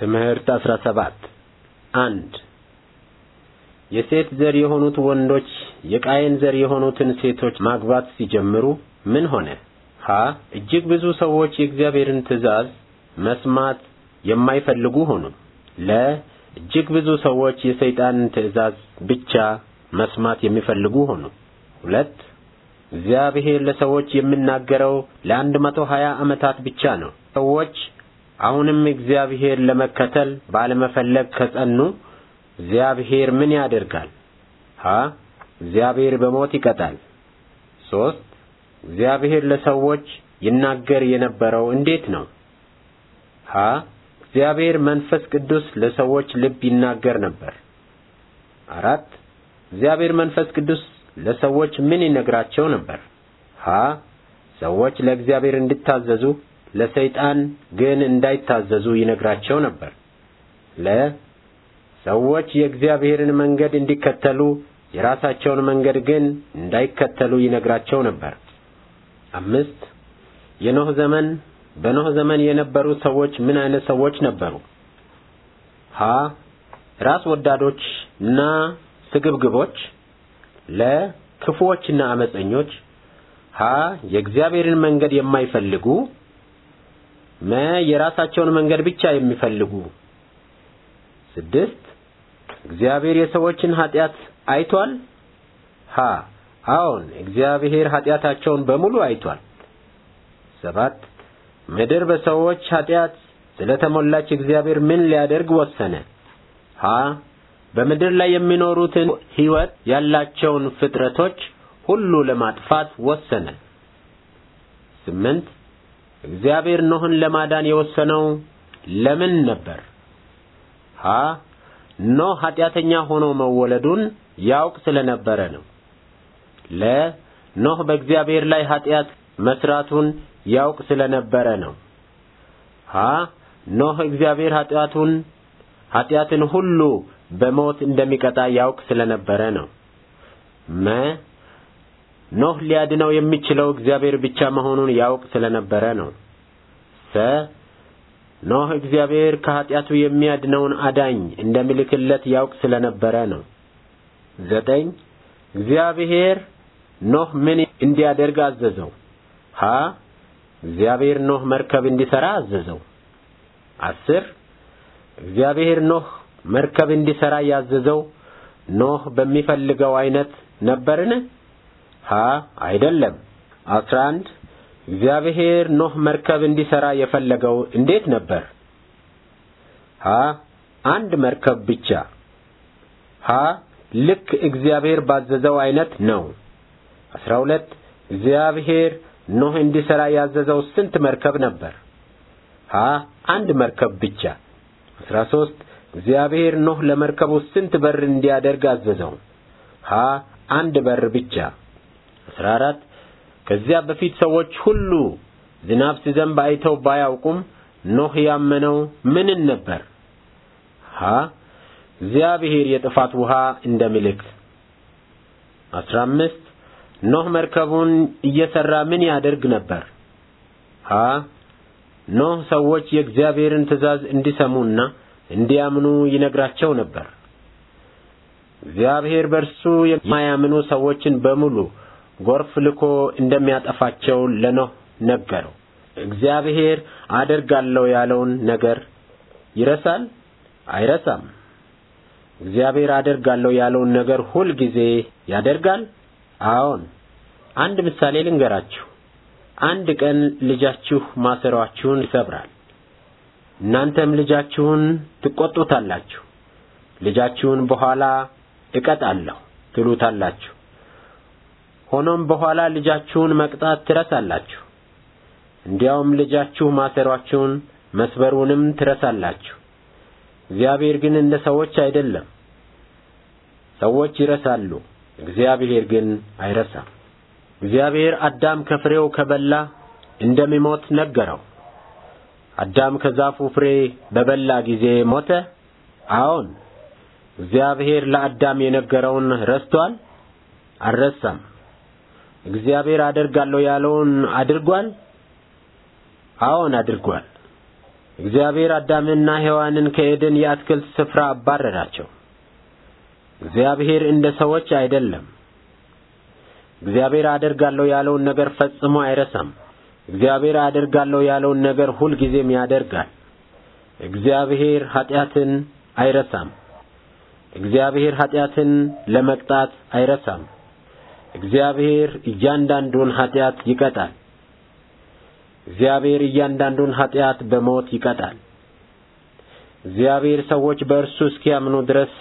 ትምህርት 17 አንድ የሴት ዘር የሆኑት ወንዶች የቃየን ዘር የሆኑትን ሴቶች ማግባት ሲጀምሩ ምን ሆነ? ሀ እጅግ ብዙ ሰዎች የእግዚአብሔርን ትእዛዝ መስማት የማይፈልጉ ሆኑ። ለ እጅግ ብዙ ሰዎች የሰይጣንን ትእዛዝ ብቻ መስማት የሚፈልጉ ሆኑ። ሁለት እግዚአብሔር ለሰዎች የሚናገረው ለአንድ መቶ ሀያ ዓመታት ብቻ ነው። ሰዎች አሁንም እግዚአብሔር ለመከተል ባለመፈለግ ከጸኑ እግዚአብሔር ምን ያደርጋል? ሀ እግዚአብሔር በሞት ይቀጣል። ሶስት እግዚአብሔር ለሰዎች ይናገር የነበረው እንዴት ነው? ሀ እግዚአብሔር መንፈስ ቅዱስ ለሰዎች ልብ ይናገር ነበር። አራት እግዚአብሔር መንፈስ ቅዱስ ለሰዎች ምን ይነግራቸው ነበር? ሀ ሰዎች ለእግዚአብሔር እንዲታዘዙ ለሰይጣን ግን እንዳይታዘዙ ይነግራቸው ነበር። ለ ሰዎች የእግዚአብሔርን መንገድ እንዲከተሉ የራሳቸውን መንገድ ግን እንዳይከተሉ ይነግራቸው ነበር። አምስት የኖህ ዘመን በኖህ ዘመን የነበሩ ሰዎች ምን አይነት ሰዎች ነበሩ? ሀ ራስ ወዳዶች እና ስግብግቦች፣ ለ ክፉዎችና አመፀኞች፣ ሀ የእግዚአብሔርን መንገድ የማይፈልጉ መ የራሳቸውን መንገድ ብቻ የሚፈልጉ ስድስት እግዚአብሔር የሰዎችን ኃጢአት አይቷል ሀ አዎን እግዚአብሔር ኃጢአታቸውን በሙሉ አይቷል ሰባት ምድር በሰዎች ኃጢአት ስለተሞላች እግዚአብሔር ምን ሊያደርግ ወሰነ ሀ በምድር ላይ የሚኖሩትን ህይወት ያላቸውን ፍጥረቶች ሁሉ ለማጥፋት ወሰነ ስምንት እግዚአብሔር ኖህን ለማዳን የወሰነው ለምን ነበር? ሀ ኖህ ኃጢአተኛ ሆኖ መወለዱን ያውቅ ስለነበረ ነው። ለ ኖህ በእግዚአብሔር ላይ ኃጢአት መስራቱን ያውቅ ስለነበረ ነው። ሀ ኖህ እግዚአብሔር ኃጢአቱን ኃጢአትን ሁሉ በሞት እንደሚቀጣ ያውቅ ስለነበረ ነው። መ ኖህ ሊያድነው የሚችለው እግዚአብሔር ብቻ መሆኑን ያውቅ ስለነበረ ነው። ሰ ኖህ እግዚአብሔር ከኀጢአቱ የሚያድነውን አዳኝ እንደሚልክለት ያውቅ ስለነበረ ነው። ዘጠኝ እግዚአብሔር ኖህ ምን እንዲያደርግ አዘዘው? ሀ እግዚአብሔር ኖህ መርከብ እንዲሠራ አዘዘው። አስር እግዚአብሔር ኖህ መርከብ እንዲሠራ ያዘዘው ኖህ በሚፈልገው አይነት ነበርን? ሀ አይደለም። አስራ አንድ እግዚአብሔር ኖህ መርከብ እንዲሰራ የፈለገው እንዴት ነበር? ሀ አንድ መርከብ ብቻ። ሀ ልክ እግዚአብሔር ባዘዘው አይነት ነው። አስራ ሁለት እግዚአብሔር ኖህ እንዲሰራ ያዘዘው ስንት መርከብ ነበር? ሀ አንድ መርከብ ብቻ። አስራ ሦስት እግዚአብሔር ኖህ ለመርከቡ ስንት በር እንዲያደርግ አዘዘው? ሀ አንድ በር ብቻ። 14 ከዚያ በፊት ሰዎች ሁሉ ዝናብ ሲዘንብ አይተው ባያውቁም ኖህ ያመነው ምንን ነበር? ሀ እግዚአብሔር የጥፋት ውሃ እንደ አስራ 15 ኖህ መርከቡን እየሰራ ምን ያደርግ ነበር? ሀ ኖህ ሰዎች የእግዚአብሔርን ትእዛዝ እንዲሰሙና እንዲያምኑ ይነግራቸው ነበር። እግዚአብሔር በእርሱ የማያምኑ ሰዎችን በሙሉ ጎርፍ ልኮ እንደሚያጠፋቸው ለኖህ ነገረው። እግዚአብሔር አደርጋለሁ ያለውን ነገር ይረሳል? አይረሳም። እግዚአብሔር አደርጋለሁ ያለውን ነገር ሁል ጊዜ ያደርጋል። አዎን። አንድ ምሳሌ ልንገራችሁ። አንድ ቀን ልጃችሁ ማሰሯችሁን ይሰብራል። እናንተም ልጃችሁን ትቆጡታላችሁ። ልጃችሁን በኋላ እቀጣለሁ ትሉታላችሁ። ሆኖም በኋላ ልጃችሁን መቅጣት ትረሳላችሁ። እንዲያውም ልጃችሁ ማሰሯችሁን መስበሩንም ትረሳላችሁ። እግዚአብሔር ግን እንደ ሰዎች አይደለም። ሰዎች ይረሳሉ፣ እግዚአብሔር ግን አይረሳም። እግዚአብሔር አዳም ከፍሬው ከበላ እንደሚሞት ነገረው። አዳም ከዛፉ ፍሬ በበላ ጊዜ ሞተ። አዎን፣ እግዚአብሔር ለአዳም የነገረውን ረስቷል፣ አልረሳም። እግዚአብሔር አደርጋለሁ ያለውን አድርጓል? አዎን አድርጓል። እግዚአብሔር አዳምና ሔዋንን ከኤደን የአትክልት ስፍራ አባረራቸው። እግዚአብሔር እንደ ሰዎች አይደለም። እግዚአብሔር አደርጋለሁ ያለውን ነገር ፈጽሞ አይረሳም። እግዚአብሔር አደርጋለሁ ያለውን ነገር ጊዜም ያደርጋል። እግዚአብሔር ኃጢአትን አይረሳም። እግዚአብሔር ኃጢአትን ለመቅጣት አይረሳም። እግዚአብሔር እያንዳንዱን ኃጢአት ይቀጣል። እግዚአብሔር እያንዳንዱን ኃጢአት በሞት ይቀጣል። እግዚአብሔር ሰዎች በእርሱ እስኪያምኑ ድረስ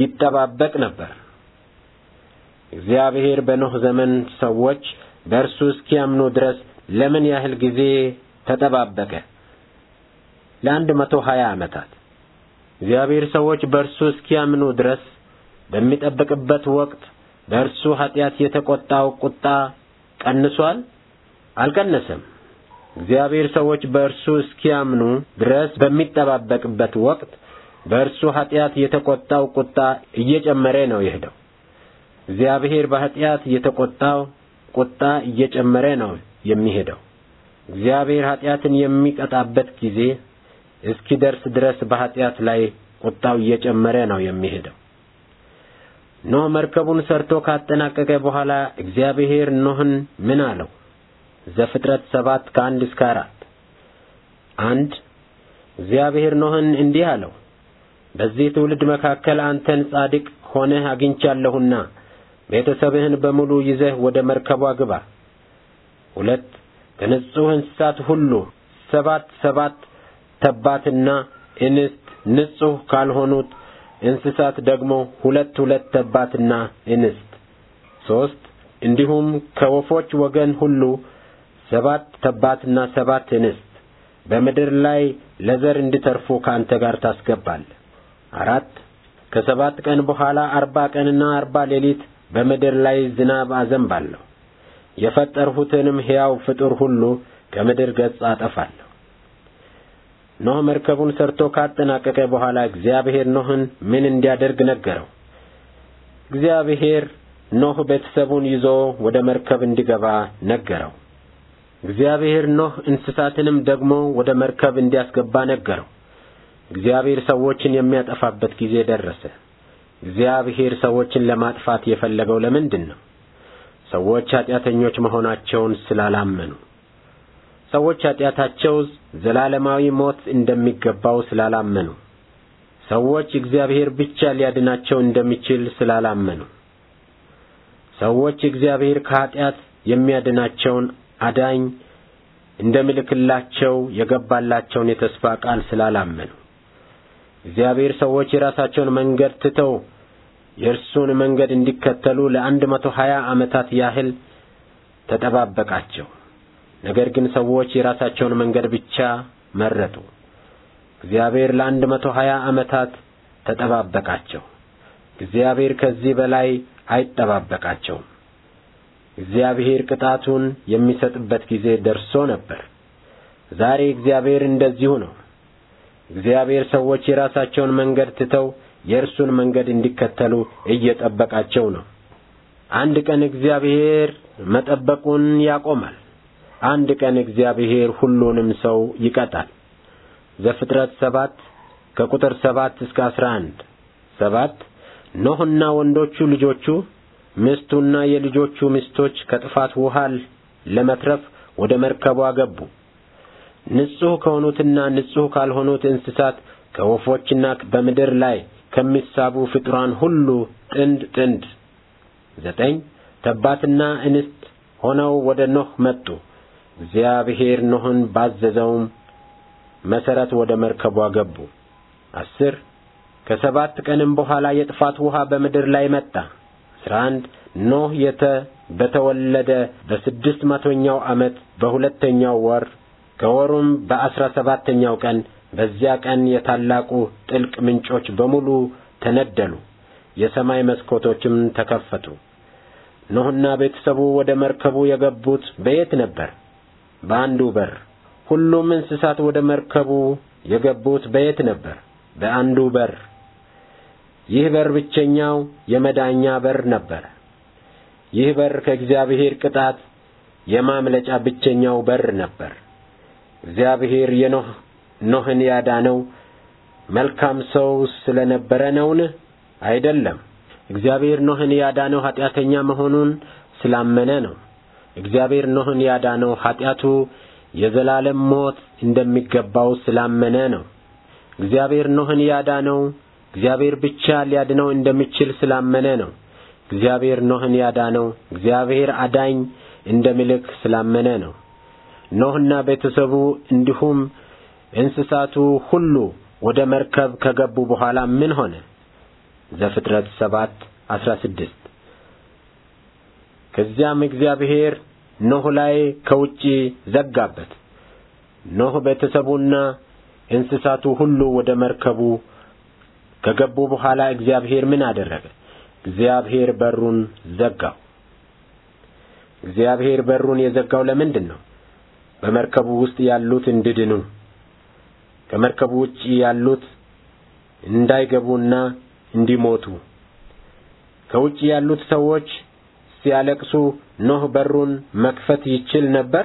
ይጠባበቅ ነበር። እግዚአብሔር በኖህ ዘመን ሰዎች በእርሱ እስኪያምኑ ድረስ ለምን ያህል ጊዜ ተጠባበቀ? ለአንድ መቶ ሀያ ዓመታት። እግዚአብሔር ሰዎች በእርሱ እስኪያምኑ ድረስ በሚጠብቅበት ወቅት በእርሱ ኃጢአት የተቆጣው ቁጣ ቀንሷል? አልቀነሰም። እግዚአብሔር ሰዎች በእርሱ እስኪያምኑ ድረስ በሚጠባበቅበት ወቅት በእርሱ ኃጢአት የተቆጣው ቁጣ እየጨመረ ነው የሄደው። እግዚአብሔር በኃጢአት የተቆጣው ቁጣ እየጨመረ ነው የሚሄደው። እግዚአብሔር ኃጢአትን የሚቀጣበት ጊዜ እስኪደርስ ድረስ በኃጢአት ላይ ቁጣው እየጨመረ ነው የሚሄደው። ኖህ መርከቡን ሰርቶ ካጠናቀቀ በኋላ እግዚአብሔር ኖህን ምን አለው? ዘፍጥረት ሰባት ከአንድ እስከ አራት አንድ እግዚአብሔር ኖህን እንዲህ አለው፣ በዚህ ትውልድ መካከል አንተን ጻድቅ ሆነህ አግኝቻለሁና ቤተሰብህን በሙሉ ይዘህ ወደ መርከቧ ግባ። ሁለት ከንጹሕ እንስሳት ሁሉ ሰባት ሰባት ተባትና እንስት ንጹሕ ካልሆኑት እንስሳት ደግሞ ሁለት ሁለት ተባትና እንስት ሶስት እንዲሁም ከወፎች ወገን ሁሉ ሰባት ተባትና ሰባት እንስት በምድር ላይ ለዘር እንዲተርፉ ከአንተ ጋር ታስገባል። አራት ከሰባት ቀን በኋላ አርባ ቀንና አርባ ሌሊት በምድር ላይ ዝናብ አዘንባለሁ። የፈጠርሁትንም ሕያው ፍጡር ሁሉ ከምድር ገጽ አጠፋለሁ። ኖህ መርከቡን ሰርቶ ካጠናቀቀ በኋላ እግዚአብሔር ኖህን ምን እንዲያደርግ ነገረው። እግዚአብሔር ኖህ ቤተሰቡን ይዞ ወደ መርከብ እንዲገባ ነገረው። እግዚአብሔር ኖህ እንስሳትንም ደግሞ ወደ መርከብ እንዲያስገባ ነገረው። እግዚአብሔር ሰዎችን የሚያጠፋበት ጊዜ ደረሰ። እግዚአብሔር ሰዎችን ለማጥፋት የፈለገው ለምንድን ነው? ሰዎች ኃጢአተኞች መሆናቸውን ስላላመኑ ሰዎች ኃጢአታቸው ዘላለማዊ ሞት እንደሚገባው ስላላመኑ፣ ሰዎች እግዚአብሔር ብቻ ሊያድናቸው እንደሚችል ስላላመኑ፣ ሰዎች እግዚአብሔር ከኃጢአት የሚያድናቸውን አዳኝ እንደሚልክላቸው የገባላቸውን የተስፋ ቃል ስላላመኑ እግዚአብሔር ሰዎች የራሳቸውን መንገድ ትተው የእርሱን መንገድ እንዲከተሉ ለአንድ መቶ ሀያ ዓመታት ያህል ተጠባበቃቸው። ነገር ግን ሰዎች የራሳቸውን መንገድ ብቻ መረጡ። እግዚአብሔር ለአንድ መቶ ሀያ ዓመታት ተጠባበቃቸው። እግዚአብሔር ከዚህ በላይ አይጠባበቃቸውም። እግዚአብሔር ቅጣቱን የሚሰጥበት ጊዜ ደርሶ ነበር። ዛሬ እግዚአብሔር እንደዚሁ ነው። እግዚአብሔር ሰዎች የራሳቸውን መንገድ ትተው የእርሱን መንገድ እንዲከተሉ እየጠበቃቸው ነው። አንድ ቀን እግዚአብሔር መጠበቁን ያቆማል። አንድ ቀን እግዚአብሔር ሁሉንም ሰው ይቀጣል። ዘፍጥረት ሰባት ከቁጥር ሰባት እስከ አስራ አንድ ሰባት ኖህና ወንዶቹ ልጆቹ ሚስቱና የልጆቹ ሚስቶች ከጥፋት ውሃ ለመትረፍ ወደ መርከቧ ገቡ። ንጹሕ ከሆኑትና ንጹሕ ካልሆኑት እንስሳት ከወፎችና በምድር ላይ ከሚሳቡ ፍጡራን ሁሉ ጥንድ ጥንድ ዘጠኝ ተባትና እንስት ሆነው ወደ ኖህ መጡ። እግዚአብሔር ኖህን ባዘዘውም መሠረት ወደ መርከቧ ገቡ። አስር ከሰባት ቀንም በኋላ የጥፋት ውሃ በምድር ላይ መጣ። አስራ አንድ ኖህ የተ በተወለደ በስድስት መቶኛው ዓመት በሁለተኛው ወር ከወሩም 17 ሰባተኛው ቀን በዚያ ቀን የታላቁ ጥልቅ ምንጮች በሙሉ ተነደሉ፣ የሰማይ መስኮቶችም ተከፈቱ። ኖህና ቤተሰቡ ወደ መርከቡ የገቡት በየት ነበር? በአንዱ በር። ሁሉም እንስሳት ወደ መርከቡ የገቡት በየት ነበር? በአንዱ በር። ይህ በር ብቸኛው የመዳኛ በር ነበር። ይህ በር ከእግዚአብሔር ቅጣት የማምለጫ ብቸኛው በር ነበር። እግዚአብሔር የኖህ ኖህን ያዳነው መልካም ሰው ስለነበረ ነውን? አይደለም። እግዚአብሔር ኖህን ያዳነው ኃጢአተኛ መሆኑን ስላመነ ነው። እግዚአብሔር ኖህን ያዳነው ኃጢአቱ የዘላለም ሞት እንደሚገባው ስላመነ ነው። እግዚአብሔር ኖህን ያዳነው እግዚአብሔር ብቻ ሊያድነው እንደሚችል ስላመነ ነው። እግዚአብሔር ኖህን ያዳነው እግዚአብሔር አዳኝ እንደሚልክ ስላመነ ነው። ኖህና ቤተሰቡ እንዲሁም እንስሳቱ ሁሉ ወደ መርከብ ከገቡ በኋላ ምን ሆነ? ዘፍጥረት ሰባት አስራ ስድስት ከዚያም እግዚአብሔር ኖህ ላይ ከውጪ ዘጋበት። ኖህ ቤተሰቡና እንስሳቱ ሁሉ ወደ መርከቡ ከገቡ በኋላ እግዚአብሔር ምን አደረገ? እግዚአብሔር በሩን ዘጋው። እግዚአብሔር በሩን የዘጋው ለምንድን ነው? በመርከቡ ውስጥ ያሉት እንዲድኑ ከመርከቡ ውጪ ያሉት እንዳይገቡና እንዲሞቱ ከውጪ ያሉት ሰዎች ሲያለቅሱ ኖህ በሩን መክፈት ይችል ነበር?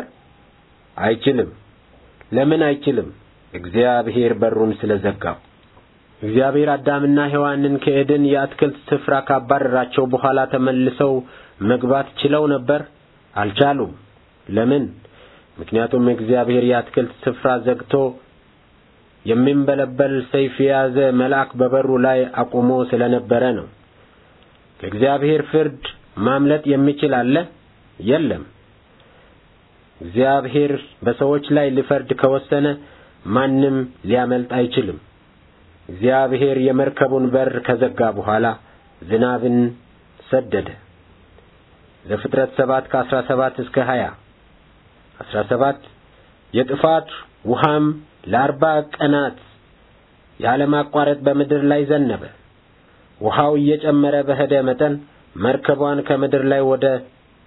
አይችልም። ለምን አይችልም? እግዚአብሔር በሩን ስለዘጋው። እግዚአብሔር አዳምና ሔዋንን ከኤደን የአትክልት ስፍራ ካባረራቸው በኋላ ተመልሰው መግባት ችለው ነበር? አልቻሉም። ለምን? ምክንያቱም እግዚአብሔር የአትክልት ስፍራ ዘግቶ የሚንበለበል ሰይፍ የያዘ መልአክ በበሩ ላይ አቁሞ ስለነበረ ነው። ከእግዚአብሔር ፍርድ ማምለጥ የሚችል አለ? የለም። እግዚአብሔር በሰዎች ላይ ሊፈርድ ከወሰነ ማንም ሊያመልጥ አይችልም። እግዚአብሔር የመርከቡን በር ከዘጋ በኋላ ዝናብን ሰደደ። ዘፍጥረት 7 ከአስራ ሰባት እስከ ሀያ አስራ የጥፋት ውሃም ለአርባ ቀናት ያለማቋረጥ በምድር ላይ ዘነበ። ውሃው እየጨመረ በሄደ መጠን መርከቧን ከምድር ላይ ወደ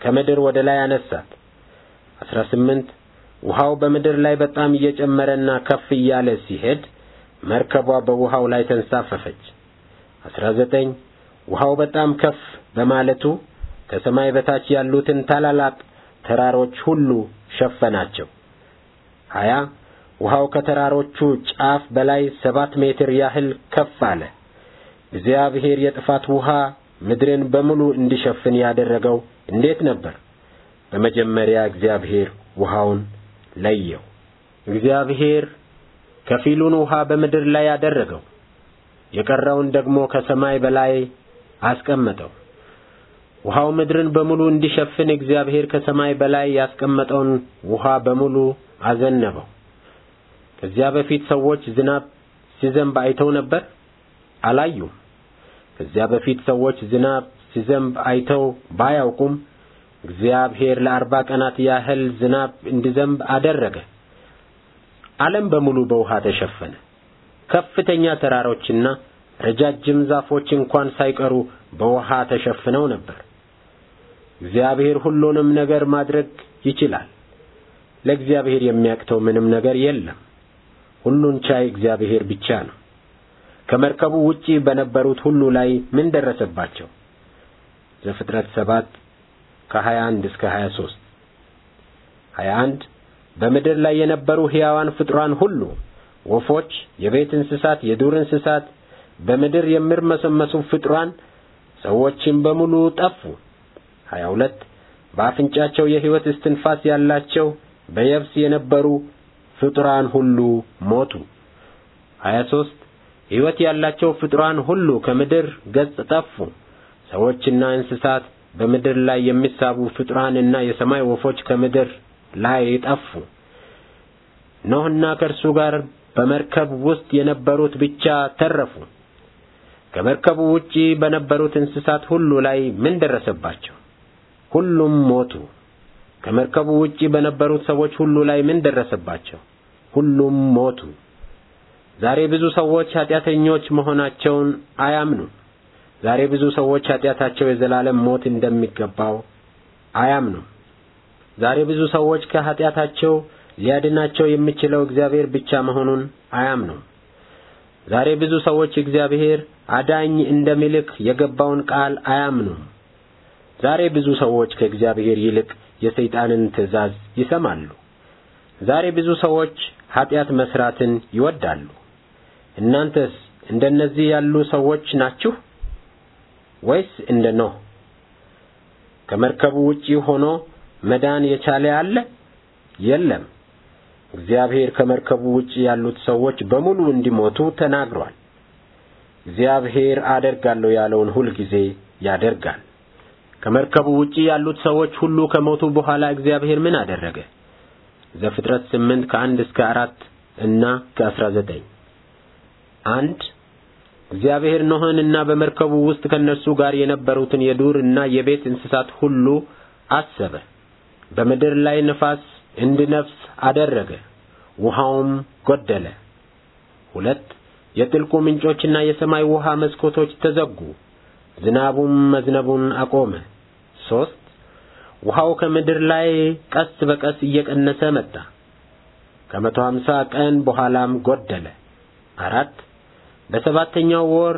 ከምድር ወደ ላይ አነሳት። 18 ስምንት ውሃው በምድር ላይ በጣም እየጨመረና ከፍ እያለ ሲሄድ መርከቧ በውሃው ላይ ተንሳፈፈች። 19 ዘጠኝ ውሃው በጣም ከፍ በማለቱ ከሰማይ በታች ያሉትን ታላላቅ ተራሮች ሁሉ ሸፈናቸው። ሀያ ውሃው ከተራሮቹ ጫፍ በላይ ሰባት ሜትር ያህል ከፍ አለ። እግዚአብሔር የጥፋት ውሃ ምድርን በሙሉ እንዲሸፍን ያደረገው እንዴት ነበር? በመጀመሪያ እግዚአብሔር ውሃውን ለየው። እግዚአብሔር ከፊሉን ውሃ በምድር ላይ አደረገው፣ የቀረውን ደግሞ ከሰማይ በላይ አስቀመጠው። ውሃው ምድርን በሙሉ እንዲሸፍን እግዚአብሔር ከሰማይ በላይ ያስቀመጠውን ውሃ በሙሉ አዘነበው። ከዚያ በፊት ሰዎች ዝናብ ሲዘንብ አይተው ነበር? አላዩም። ከዚያ በፊት ሰዎች ዝናብ ሲዘንብ አይተው ባያውቁም እግዚአብሔር ለአርባ ቀናት ያህል ዝናብ እንዲዘንብ አደረገ። ዓለም በሙሉ በውሃ ተሸፈነ። ከፍተኛ ተራሮችና ረጃጅም ዛፎች እንኳን ሳይቀሩ በውሃ ተሸፍነው ነበር። እግዚአብሔር ሁሉንም ነገር ማድረግ ይችላል። ለእግዚአብሔር የሚያቅተው ምንም ነገር የለም። ሁሉን ቻይ እግዚአብሔር ብቻ ነው። ከመርከቡ ውጪ በነበሩት ሁሉ ላይ ምን ደረሰባቸው? ዘፍጥረት 7 ከ21 እስከ 23 21 በምድር ላይ የነበሩ ሕያዋን ፍጥሯን ሁሉ ወፎች፣ የቤት እንስሳት፣ የዱር እንስሳት፣ በምድር የሚርመሰመሱ ፍጥሯን ሰዎችም በሙሉ ጠፉ። 22 በአፍንጫቸው የሕይወት እስትንፋስ ያላቸው በየብስ የነበሩ ፍጡራን ሁሉ ሞቱ። 23 ሕይወት ያላቸው ፍጡራን ሁሉ ከምድር ገጽ ጠፉ። ሰዎችና እንስሳት፣ በምድር ላይ የሚሳቡ ፍጡራን እና የሰማይ ወፎች ከምድር ላይ ጠፉ። ኖህና ከእርሱ ጋር በመርከብ ውስጥ የነበሩት ብቻ ተረፉ። ከመርከቡ ውጪ በነበሩት እንስሳት ሁሉ ላይ ምን ደረሰባቸው? ሁሉም ሞቱ። ከመርከቡ ውጪ በነበሩት ሰዎች ሁሉ ላይ ምን ደረሰባቸው? ሁሉም ሞቱ። ዛሬ ብዙ ሰዎች ኃጢአተኞች መሆናቸውን አያምኑም። ዛሬ ብዙ ሰዎች ኃጢአታቸው የዘላለም ሞት እንደሚገባው አያምኑም። ዛሬ ብዙ ሰዎች ከኃጢአታቸው ሊያድናቸው የሚችለው እግዚአብሔር ብቻ መሆኑን አያምኑም። ዛሬ ብዙ ሰዎች እግዚአብሔር አዳኝ እንደሚልክ የገባውን ቃል አያምኑም። ዛሬ ብዙ ሰዎች ከእግዚአብሔር ይልቅ የሰይጣንን ትእዛዝ ይሰማሉ። ዛሬ ብዙ ሰዎች ኃጢአት መስራትን ይወዳሉ። እናንተስ እንደነዚህ ያሉ ሰዎች ናችሁ ወይስ እንደ ኖህ ከመርከቡ ውጪ ሆኖ መዳን የቻለ አለ የለም እግዚአብሔር ከመርከቡ ውጪ ያሉት ሰዎች በሙሉ እንዲሞቱ ተናግሯል እግዚአብሔር አደርጋለሁ ያለውን ሁል ጊዜ ያደርጋል ከመርከቡ ውጪ ያሉት ሰዎች ሁሉ ከሞቱ በኋላ እግዚአብሔር ምን አደረገ ዘፍጥረት 8 ከ1 እስከ 4 እና ከ19 አንድ እግዚአብሔር ኖህንና በመርከቡ ውስጥ ከነሱ ጋር የነበሩትን የዱርና የቤት እንስሳት ሁሉ አሰበ። በምድር ላይ ንፋስ እንዲነፍስ አደረገ፣ ውሃውም ጎደለ። ሁለት የጥልቁ ምንጮችና የሰማይ ውሃ መስኮቶች ተዘጉ፣ ዝናቡም መዝነቡን አቆመ። ሦስት ውሃው ከምድር ላይ ቀስ በቀስ እየቀነሰ መጣ። ከመቶ አምሳ ቀን በኋላም ጎደለ። አራት በሰባተኛው ወር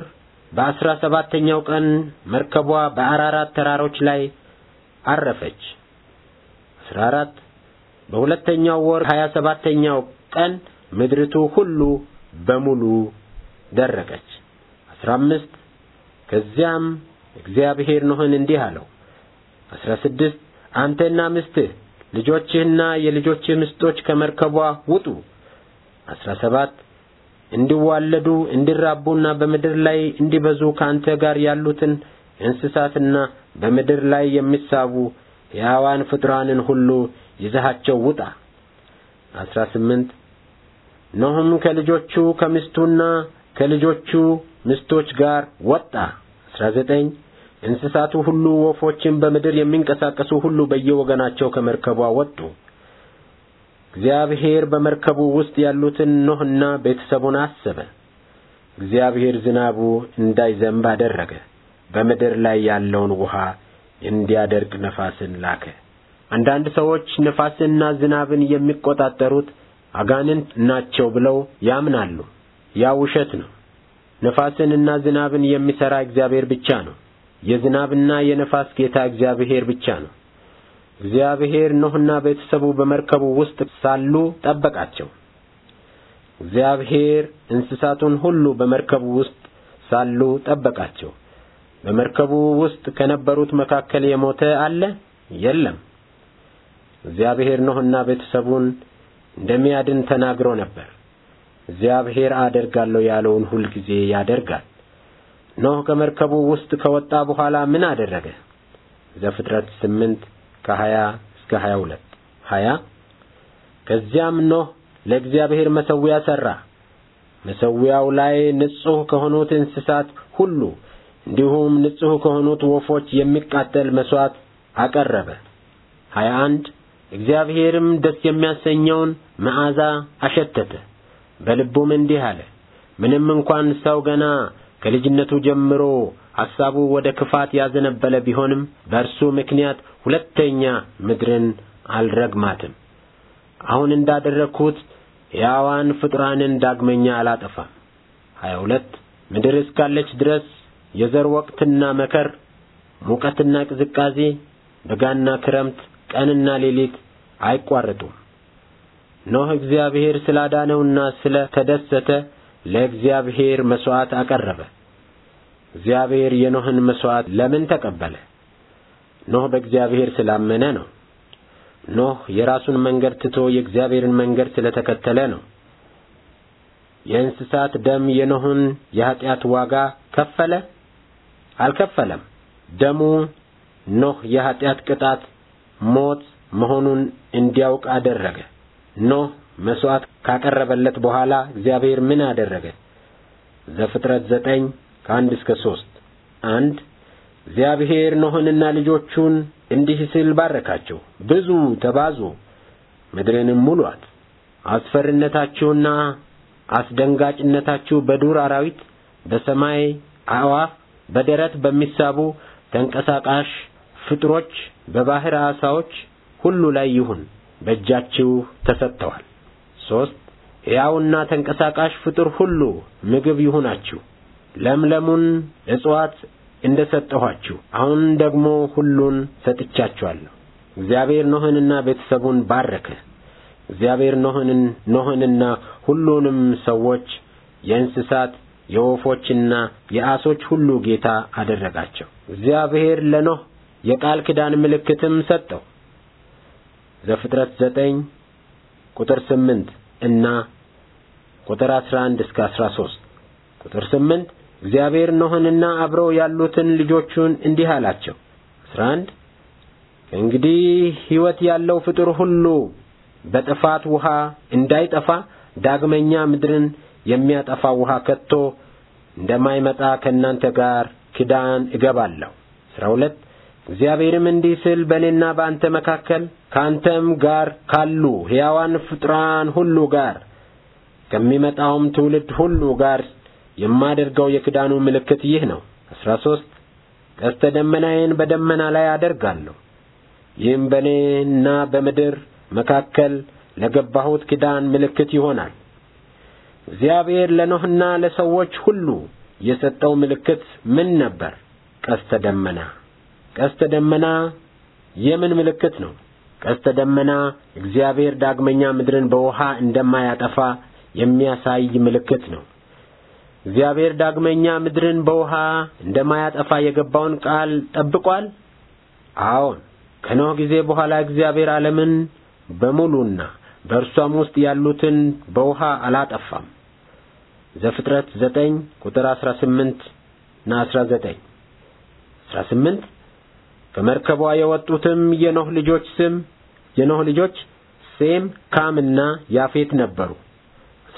በአስራ ሰባተኛው ቀን መርከቧ በአራራት ተራሮች ላይ አረፈች። 14 በሁለተኛው ወር 27ኛው ቀን ምድርቱ ሁሉ በሙሉ ደረቀች። 15 ከዚያም እግዚአብሔር ኖህን እንዲህ አለው። 16 አንተና ምስት ልጆችህና የልጆችህ ምስቶች ከመርከቧ ውጡ። 17 እንዲዋለዱ እንዲራቡና በምድር ላይ እንዲበዙ ከአንተ ጋር ያሉትን እንስሳትና በምድር ላይ የሚሳቡ ሕያዋን ፍጥራንን ሁሉ ይዘሃቸው ውጣ። 18 ኖህም ከልጆቹ ከሚስቱና ከልጆቹ ሚስቶች ጋር ወጣ። 19 እንስሳቱ ሁሉ፣ ወፎችን፣ በምድር የሚንቀሳቀሱ ሁሉ በየወገናቸው ከመርከቧ ወጡ። እግዚአብሔር በመርከቡ ውስጥ ያሉትን ኖህና ቤተሰቡን አሰበ። እግዚአብሔር ዝናቡ እንዳይዘንብ አደረገ። በምድር ላይ ያለውን ውሃ እንዲያደርቅ ነፋስን ላከ። አንዳንድ ሰዎች ነፋስንና ዝናብን የሚቆጣጠሩት አጋንንት ናቸው ብለው ያምናሉ። ያ ውሸት ነው። ነፋስንና ዝናብን የሚሠራ እግዚአብሔር ብቻ ነው። የዝናብና የነፋስ ጌታ እግዚአብሔር ብቻ ነው። እግዚአብሔር ኖህና ቤተሰቡ በመርከቡ ውስጥ ሳሉ ጠበቃቸው። እግዚአብሔር እንስሳቱን ሁሉ በመርከቡ ውስጥ ሳሉ ጠበቃቸው። በመርከቡ ውስጥ ከነበሩት መካከል የሞተ አለ? የለም። እግዚአብሔር ኖህና ቤተሰቡን እንደሚያድን ተናግሮ ነበር። እግዚአብሔር አደርጋለሁ ያለውን ጊዜ ያደርጋል። ኖህ ከመርከቡ ውስጥ ከወጣ በኋላ ምን አደረገ? ዘፍጥረት ስምንት ከሀያ እስከ ሀያ ሁለት ሀያ ከዚያም ኖህ ለእግዚአብሔር መሠዊያ ሠራ። መሠዊያው ላይ ንጹሕ ከሆኑት እንስሳት ሁሉ እንዲሁም ንጹሕ ከሆኑት ወፎች የሚቃጠል መሥዋዕት አቀረበ። ሀያ አንድ እግዚአብሔርም ደስ የሚያሰኘውን መዓዛ አሸተተ። በልቡም እንዲህ አለ፣ ምንም እንኳን ሰው ገና ከልጅነቱ ጀምሮ ሐሳቡ ወደ ክፋት ያዘነበለ ቢሆንም በእርሱ ምክንያት ሁለተኛ ምድርን አልረግማትም። አሁን እንዳደረግሁት ሕያዋን ፍጡራንን ዳግመኛ አላጠፋም። ሀያ ሁለት ምድር እስካለች ድረስ የዘር ወቅትና መከር፣ ሙቀትና ቅዝቃዜ፣ በጋና ክረምት፣ ቀንና ሌሊት አይቋረጡም። ኖህ እግዚአብሔር ስላዳነውና ስለ ተደሰተ ለእግዚአብሔር መሥዋዕት አቀረበ። እግዚአብሔር የኖህን መሥዋዕት ለምን ተቀበለ? ኖህ በእግዚአብሔር ስላመነ ነው። ኖህ የራሱን መንገድ ትቶ የእግዚአብሔርን መንገድ ስለተከተለ ነው። የእንስሳት ደም የኖህን የኀጢአት ዋጋ ከፈለ? አልከፈለም። ደሙ ኖህ የኀጢአት ቅጣት ሞት መሆኑን እንዲያውቅ አደረገ። ኖህ መሥዋዕት ካቀረበለት በኋላ እግዚአብሔር ምን አደረገ? ዘፍጥረት ዘጠኝ ከአንድ እስከ ሶስት አንድ እግዚአብሔር ነሆንና ልጆቹን እንዲህ ሲል ባረካቸው፣ ብዙ ተባዙ፣ ምድርንም ሙሏት። አስፈሪነታችሁና አስደንጋጭነታችሁ በዱር አራዊት፣ በሰማይ አዕዋፍ፣ በደረት በሚሳቡ ተንቀሳቃሽ ፍጥሮች፣ በባህር ዓሣዎች ሁሉ ላይ ይሁን፣ በእጃችሁ ተሰጥተዋል። ሦስት ሕያውና ተንቀሳቃሽ ፍጡር ሁሉ ምግብ ይሁናችሁ። ለምለሙን እጽዋት እንደ ሰጠኋችሁ አሁን ደግሞ ሁሉን ሰጥቻችኋለሁ። እግዚአብሔር ኖኅንና ቤተሰቡን ባረከ። እግዚአብሔር ኖኅንን ኖኅንና ሁሉንም ሰዎች የእንስሳት የወፎችና የአሶች ሁሉ ጌታ አደረጋቸው። እግዚአብሔር ለኖህ የቃል ኪዳን ምልክትም ሰጠው። ዘፍጥረት ዘጠኝ ቁጥር ስምንት እና ቁጥር አስራ አንድ እስከ አስራ ሶስት ቁጥር ስምንት እግዚአብሔር ኖህንና አብረው ያሉትን ልጆቹን እንዲህ አላቸው። 11 እንግዲህ ሕይወት ያለው ፍጡር ሁሉ በጥፋት ውሃ እንዳይጠፋ ዳግመኛ ምድርን የሚያጠፋ ውሃ ከቶ እንደማይመጣ ከእናንተ ጋር ኪዳን እገባለሁ። 12 እግዚአብሔርም እንዲህ ስል በእኔና በአንተ መካከል ከአንተም ጋር ካሉ ሕያዋን ፍጥራን ሁሉ ጋር ከሚመጣውም ትውልድ ሁሉ ጋር የማደርገው የክዳኑ ምልክት ይህ ነው። 13 ቀስተ ደመናዬን በደመና ላይ አደርጋለሁ። ይህም በእኔና በምድር መካከል ለገባሁት ኪዳን ምልክት ይሆናል። እግዚአብሔር ለኖህና ለሰዎች ሁሉ የሰጠው ምልክት ምን ነበር? ቀስተ ደመና። ቀስተ ደመና የምን ምልክት ነው? ቀስተ ደመና እግዚአብሔር ዳግመኛ ምድርን በውሃ እንደማያጠፋ የሚያሳይ ምልክት ነው። እግዚአብሔር ዳግመኛ ምድርን በውሃ እንደማያጠፋ የገባውን ቃል ጠብቋል? አዎን። ከኖህ ጊዜ በኋላ እግዚአብሔር ዓለምን በሙሉና በእርሷም ውስጥ ያሉትን በውሃ አላጠፋም። ዘፍጥረት 9 ቁጥር 18 እና 19 18 ከመርከቧ የወጡትም የኖህ ልጆች ስም የኖህ ልጆች ሴም፣ ካምና ያፌት ነበሩ።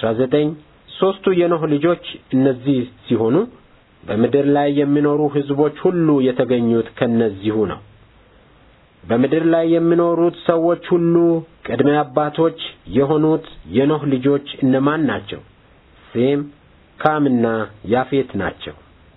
19 ሦስቱ የኖህ ልጆች እነዚህ ሲሆኑ በምድር ላይ የሚኖሩ ሕዝቦች ሁሉ የተገኙት ከነዚሁ ነው። በምድር ላይ የሚኖሩት ሰዎች ሁሉ ቅድመ አባቶች የሆኑት የኖህ ልጆች እነማን ናቸው? ሴም፣ ካምና ያፌት ናቸው።